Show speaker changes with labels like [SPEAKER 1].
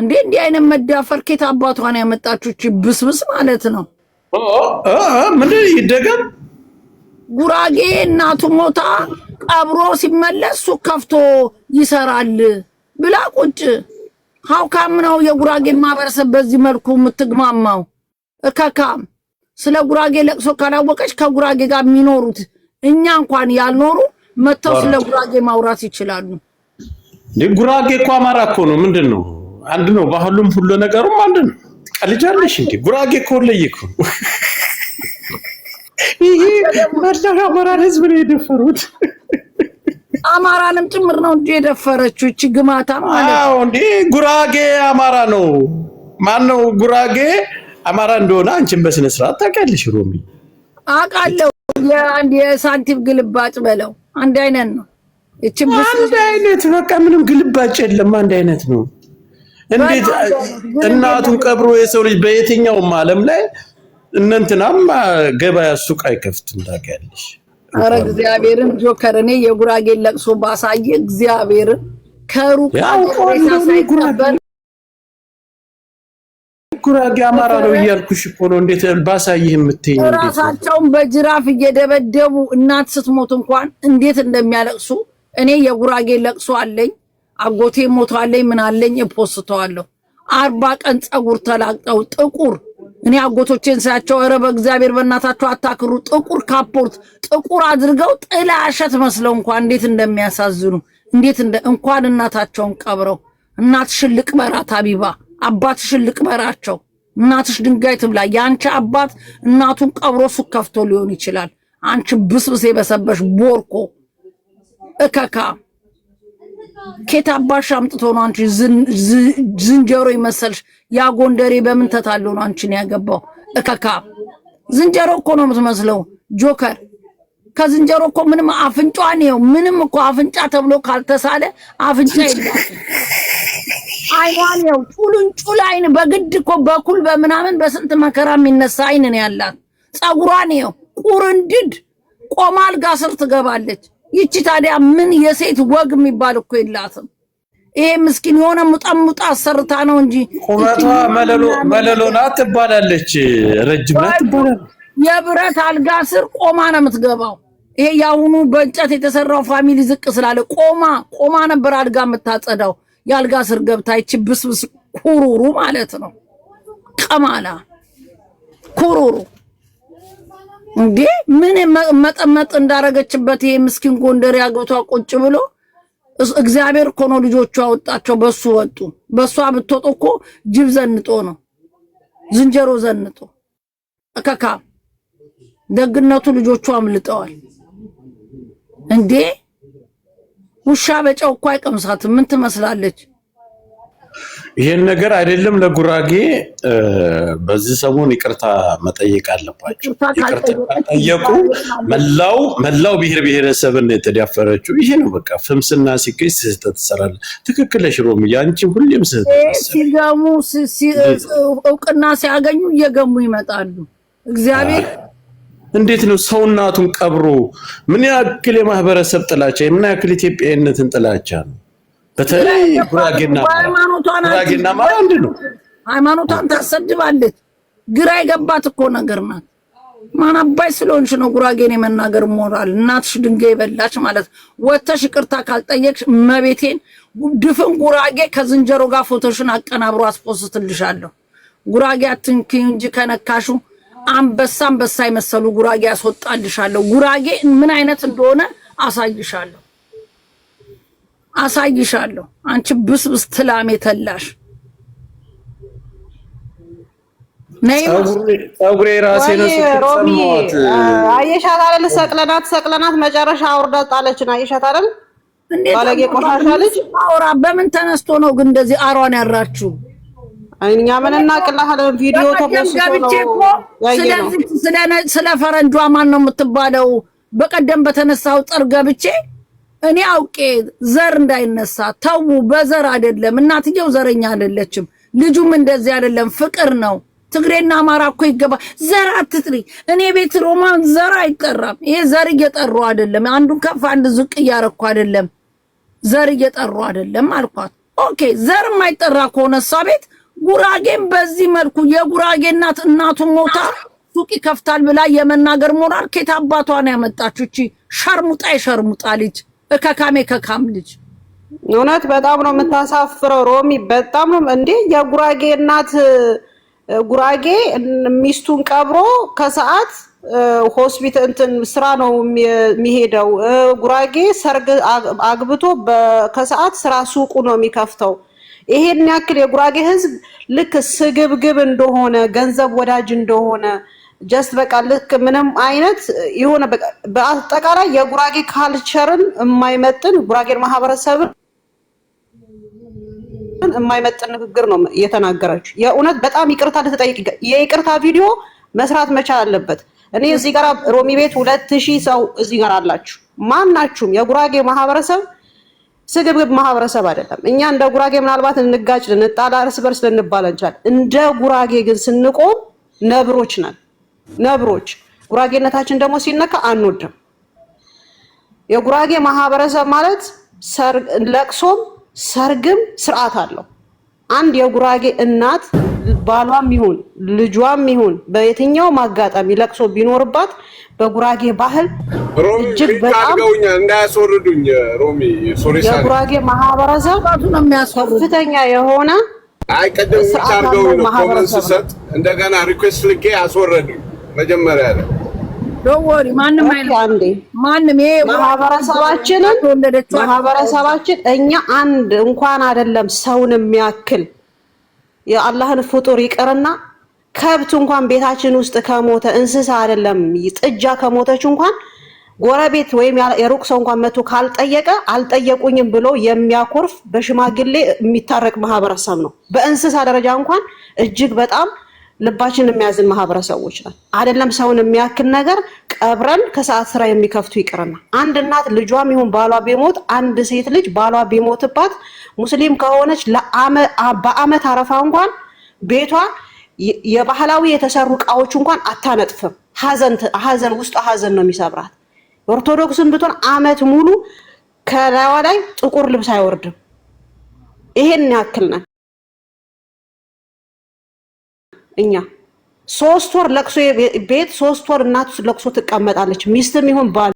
[SPEAKER 1] እንዴ እንዲህ አይነት መዳፈር ኬት አባቷን ያመጣችሁች ብስብስ ማለት ነው።
[SPEAKER 2] ምን ይደገም
[SPEAKER 1] ጉራጌ እናቱ ሞታ ቀብሮ ሲመለስ ሱቅ ከፍቶ ይሰራል ብላ ቁጭ ሀውካም ነው የጉራጌን ማህበረሰብ በዚህ መልኩ የምትግማማው እከካም ስለ ጉራጌ ለቅሶ ካላወቀች ከጉራጌ ጋር የሚኖሩት እኛ እንኳን ያልኖሩ መጥተው ስለ ጉራጌ ማውራት ይችላሉ።
[SPEAKER 2] ጉራጌ እኮ አማራ እኮ ነው። ምንድን ነው አንድ ነው። ባህሉም ሁሉ ነገሩም አንድ ነው። ቀልጃለሽ እንዴ? ጉራጌ ኮለይ እኮ ይሄ መላው አማራን ህዝብ ነው የደፈሩት።
[SPEAKER 1] አማራንም ጭምር ነው እንጂ የደፈረችው እቺ ግማታ ማለት
[SPEAKER 2] እንዴ? ጉራጌ አማራ ነው። ማን ነው ጉራጌ አማራ እንደሆነ አንቺን በስነ ስርዓት ታውቂያለሽ። ሮሚ
[SPEAKER 1] አውቃለሁ። የአንድ የሳንቲም ግልባጭ በለው አንድ አይነት ነው።
[SPEAKER 2] አንድ አይነት በቃ ምንም ግልባጭ የለም። አንድ አይነት ነው። እንዴት እናቱ ቀብሮ የሰው ልጅ በየትኛውም ዓለም ላይ እነንትናማ ገበያ ሱቅ አይከፍቱም። ታውቂያለሽ?
[SPEAKER 1] ኧረ እግዚአብሔርን ጆከር፣ እኔ የጉራጌን ለቅሶ ባሳየ እግዚአብሔርን ከሩቅ
[SPEAKER 2] ሳይቀበል ጉራጌ አማራ ነው እያልኩሽ እኮ ነው። እንዴት ባሳይህ የምትይኝ?
[SPEAKER 1] ራሳቸውን በጅራፍ እየደበደቡ እናት ስትሞት እንኳን እንዴት እንደሚያለቅሱ እኔ የጉራጌ ለቅሶ አለኝ። አጎቴ ሞታለኝ ምናለኝ እፖስተዋለሁ። አርባ ቀን ጸጉር ተላቅጠው ጥቁር እኔ አጎቶቼን ሳያቸው ረ በእግዚአብሔር በእናታቸው አታክሩ። ጥቁር ካፖርት ጥቁር አድርገው ጥላሸት መስለው እንኳ እንዴት እንደሚያሳዝኑ እንዴት እንኳን እናታቸውን ቀብረው እናትሽን በራት አቢባ አባትሽን ልቅበራቸው። እናትሽ ድንጋይ ትብላ። የአንቺ አባት እናቱን ቀብሮ ሱቅ ከፍቶ ሊሆን ይችላል። አንቺ ብስብስ የበሰበሽ ቦርኮ እከካ ኬት አባሽ አምጥቶ ነው አንቺ ዝንጀሮ ይመሰልሽ? ያ ጎንደሬ በምን ተታሎ ነው አንቺን ያገባው? እከካ ዝንጀሮ እኮ ነው የምትመስለው። ጆከር ከዝንጀሮ እኮ ምንም አፍንጫ ነው ምንም እኮ አፍንጫ ተብሎ ካልተሳለ አፍንጫ የለም። አይኗን ነው ጩል አይን በግድ እኮ በኩል በምናምን በስንት መከራ የሚነሳ አይን ነው ያላት። ፀጉሯን ነው ቁርንድድ ቆማ አልጋ ስር ትገባለች። ይቺ ታዲያ ምን የሴት ወግ የሚባል እኮ የላትም። ይሄ ምስኪን የሆነ ሙጣሙጣ አሰርታ ነው እንጂ
[SPEAKER 2] ቁመቷ መለሎ መለሎና ትባላለች፣ ረጅም ትባላለች።
[SPEAKER 1] የብረት አልጋ ስር ቆማ ነው የምትገባው። ይሄ የአሁኑ በእንጨት የተሰራው ፋሚሊ ዝቅ ስላለ ቆማ ቆማ ነበር አልጋ የምታጸዳው። የአልጋ ስር ገብታ ይቺ ብስብስ ኩሩሩ ማለት ነው፣ ቀማላ ኩሩሩ እንዴ ምን መጠመጥ እንዳረገችበት ይሄ ምስኪን ጎንደር ያገቷ ቁጭ ብሎ እግዚአብሔር እኮ ነው ልጆቹ ያወጣቸው። በሱ ወጡ። በሷ ብትወጡ እኮ ጅብ ዘንጦ ነው ዝንጀሮ ዘንጦ እከካ። ደግነቱ ልጆቹ አምልጠዋል። እንዴ ውሻ በጨው እኮ አይቀምሳትም። ምን ትመስላለች?
[SPEAKER 2] ይሄን ነገር አይደለም ለጉራጌ በዚህ ሰሞን ይቅርታ መጠየቅ አለባቸው። ይቅርታ ጠየቁ። መላው መላው ብሔር ብሔረሰብን የተዳፈረችው ይሄ ነው። በቃ ፍምስና ሲገኝ ስህተት ትሰራለ። ትክክል ሽሮም ያንቺ ሁሌም
[SPEAKER 1] ስህተት ሲገሙ እውቅና ሲያገኙ እየገሙ ይመጣሉ። እግዚአብሔር
[SPEAKER 2] እንዴት ነው ሰው እናቱን ቀብሮ? ምን ያክል የማህበረሰብ ጥላቻ፣ ምን ያክል ኢትዮጵያዊነትን ጥላቻ ነው በተለይ ጉራጌና ጉራጌና ማለት አንድ ነው።
[SPEAKER 1] ሃይማኖቷን ታሰድባለች። ግራ የገባት እኮ ነገር ናት። ማን አባይ ስለሆንሽ ነው ጉራጌን የመናገር ሞራል? እናትሽ ድንጋይ በላች ማለት ወተሽ ይቅርታ ካልጠየቅሽ መቤቴን ድፍን ጉራጌ ከዝንጀሮ ጋር ፎቶሽን አቀናብሮ አስፖስትልሻለሁ። ጉራጌ አትንኪ እንጂ ከነካሹ አንበሳ አንበሳ የመሰሉ ጉራጌ ያስወጣልሻለሁ። ጉራጌ ምን አይነት እንደሆነ አሳይሻለሁ። አሳይሻለሁ። አንቺ ብስብስ ትላም የተላሽ
[SPEAKER 2] ፀጉሬ ራሴ ነው
[SPEAKER 1] ስትሰማት አየሻት አይደል? ሰቅለናት ሰቅለናት መጨረሻ አውርዳ አየሻት አይደል? ባለጌ ቆሻሻ ልጅ አውራ። በምን ተነስቶ ነው ግን እንደዚህ አሯን ያራችሁ? እኛ ምን ቪዲዮ ተቆስቶ ነው ስለ ፈረንጇ ማን ነው የምትባለው? በቀደም በተነሳው ጠር ገብቼ እኔ አውቄ ዘር እንዳይነሳ ተዉ። በዘር አይደለም፣ እናትየው ዘረኛ አይደለችም፣ ልጁም እንደዚህ አይደለም። ፍቅር ነው። ትግሬና አማራ እኮ ይገባ። ዘር አትጥሪ። እኔ ቤት ሮማን ዘር አይጠራም። ይሄ ዘር እየጠሩ አይደለም። አንዱን ከፍ አንድ ዝቅ እያረኩ አይደለም። ዘር እየጠሩ አይደለም አልኳት። ኦኬ ዘር የማይጠራ ከሆነ እሷ ቤት ጉራጌን በዚህ መልኩ የጉራጌ እናት እናቱ ሞታ ሱቅ ይከፍታል ብላ የመናገር ሞራል ኬት አባቷን ያመጣችሁ? እቺ ሸርሙጣ የሸርሙጣ ልጅ እከካሜ ከካም ልጅ እውነት በጣም ነው የምታሳፍረው። ሮሚ በጣም ነው እንዴ! የጉራጌ እናት ጉራጌ ሚስቱን ቀብሮ ከሰዓት ሆስፒታል እንትን ስራ ነው የሚሄደው። ጉራጌ ሰርግ አግብቶ ከሰዓት ስራ ሱቁ ነው የሚከፍተው። ይሄን ያክል የጉራጌ ህዝብ ልክ ስግብግብ እንደሆነ ገንዘብ ወዳጅ እንደሆነ ጀስት በቃ ልክ ምንም አይነት የሆነ በአጠቃላይ የጉራጌ ካልቸርን የማይመጥን ጉራጌን ማህበረሰብን የማይመጥን ንግግር ነው እየተናገረችው። የእውነት በጣም ይቅርታ ልትጠይቅ የይቅርታ ቪዲዮ መስራት መቻል አለበት። እኔ እዚህ ጋር ሮሚ ቤት ሁለት ሺህ ሰው እዚህ ጋር አላችሁ። ማናችሁም የጉራጌ ማህበረሰብ ስግብግብ ማህበረሰብ አይደለም። እኛ እንደ ጉራጌ ምናልባት እንጋጭ፣ ልንጣላ፣ እርስ በርስ ልንባለ እንችላለን። እንደ ጉራጌ ግን ስንቆም ነብሮች ነን። ነብሮች፣ ጉራጌነታችን ደግሞ ሲነካ አንወድም። የጉራጌ ማህበረሰብ ማለት ለቅሶም ሰርግም ስርዓት አለው። አንድ የጉራጌ እናት ባሏም ይሁን ልጇም ይሁን በየትኛውም አጋጣሚ ለቅሶ ቢኖርባት በጉራጌ ባህል
[SPEAKER 2] እጅግ በጣም እንዳያስወርዱኝ ሮሚ የጉራጌ
[SPEAKER 1] ማህበረሰብ ከፍተኛ የሆነ
[SPEAKER 2] ስርዓት ማህበረሰብ እንደገና ሪኩዌስት ልኬ አስወረዱኝ። መጀመሪያ ላይ
[SPEAKER 1] ዶወሪ ማንም አይነት ማንም ይሄ ማህበረሰባችንን ማህበረሰባችን እኛ አንድ እንኳን አይደለም ሰውን የሚያክል የአላህን ፍጡር ይቅርና ከብት እንኳን ቤታችን ውስጥ ከሞተ እንስሳ አይደለም ጥጃ ከሞተች እንኳን ጎረቤት ወይም የሩቅ ሰው እንኳን መቶ ካልጠየቀ አልጠየቁኝም ብሎ የሚያኮርፍ በሽማግሌ የሚታረቅ ማህበረሰብ ነው። በእንስሳ ደረጃ እንኳን እጅግ በጣም ልባችን የሚያዝን ማህበረሰቦች ነን። አይደለም ሰውን የሚያክል ነገር ቀብረን ከሰዓት ስራ የሚከፍቱ ይቅርና አንድ እናት ልጇም ይሁን ባሏ ቢሞት አንድ ሴት ልጅ ባሏ ቢሞትባት ሙስሊም ከሆነች በአመት አረፋ እንኳን ቤቷ የባህላዊ የተሰሩ እቃዎች እንኳን አታነጥፍም። ሀዘን ውስጧ ሀዘን ነው የሚሰብራት። ኦርቶዶክስን ብትሆን አመት ሙሉ ከላዋ ላይ ጥቁር ልብስ አይወርድም። ይሄን ያክል ነን። እኛ ሶስት ወር ለቅሶ ቤት ሶስት ወር እናት ለቅሶ ትቀመጣለች። ሚስትም ይሁን ባል